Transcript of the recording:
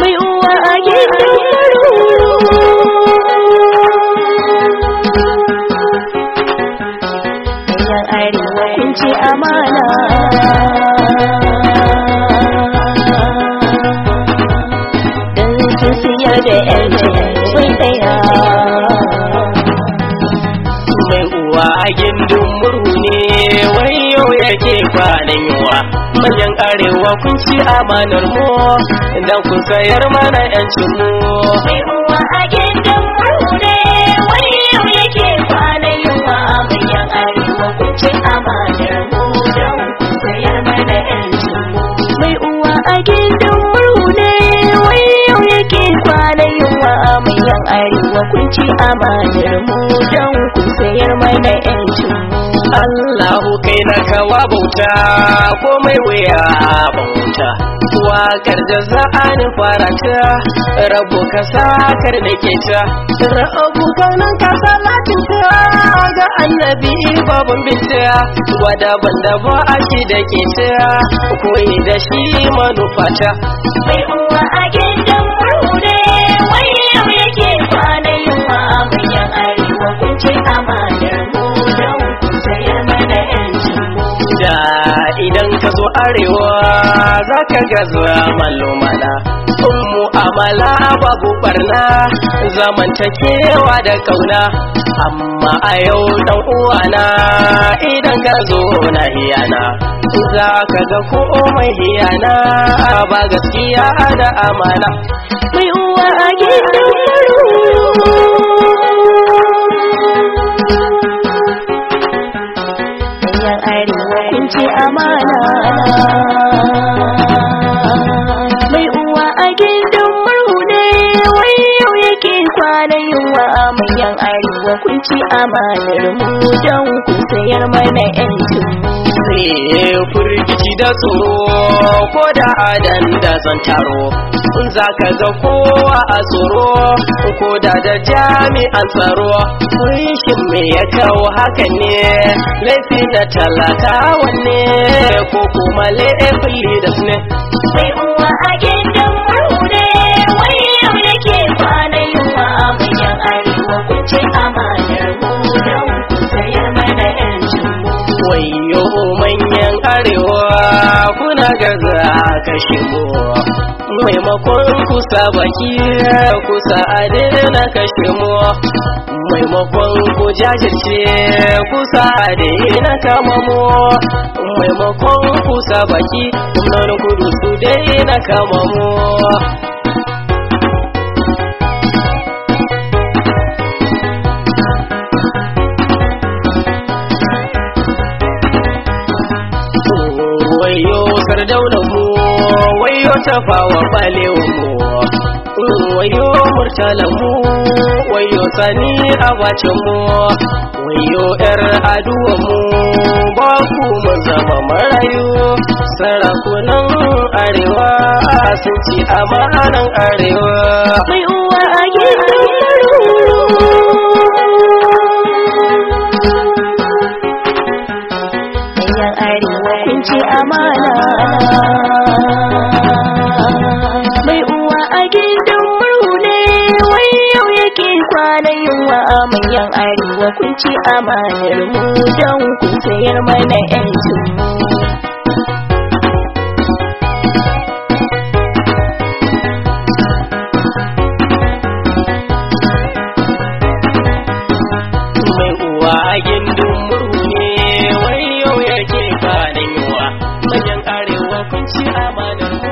Mai uwa a gindin amana da Mai uwa murhu ne yau yake kwanan arewa kun ci amanar mu idan kun sayar mana yancin mu mai uwa a gidan mu ne wani yau yake kwana yunwa a bayan arewa kun ci amanar mu don kun sayar mana yancin mu mai uwa a gidan mu ne wani yau yake kwana yunwa a bayan arewa kun ci amanar mu don kun sayar mana yancin mu Allahu kai na kawa bauta ko mai wuya bauta wakar da za a fara ta rabu ka sakar da ke ta rabu kanan ka salatin ta ga annabi babun binta wada banda ba a da ke ta koyi da shi manufata idan ka zo arewa za ka gazuwa malumana sun mu'amala babu barna zamantakewa da kauna amma a yau dan uwana idan ka zo na hiyana za ka ga komai hiyana ba gaskiya da amana mai uwa a gidan amana mai uwa a gindin murhu ne wai yau yake kwana yunwa a manyan arewa kun ci amanar mu don ku sayar mana 'yancin ne furgici da tsoro ko da adan da zantaro in za ka ga kowa a tsoro ko da da jami'an tsaro kunshin me ya kawo haka ne laifi da talata wanne ko kuma laifin leaders ne sai uwa a manyan arewa kuna gaza ka shigo maimakon kusa baki kusa na ka shimo maimakon ku jajirce kusa na adina kamamo maimakon kusa baki nan kudu su kama mu wa tafawa balewu wayo murtalamu wayo sani a abacinmu wayo yar aduwanmu ba ku mun zama marayu sarakunan arewa sun ci amanan arewa mai uwa a gidan amana fama da yunwa a manyan arewa kun ci amanar mu don kun sayar mana yancin mu gindin murhu ne wai yau yake karewa manyan karewa kun ci amanar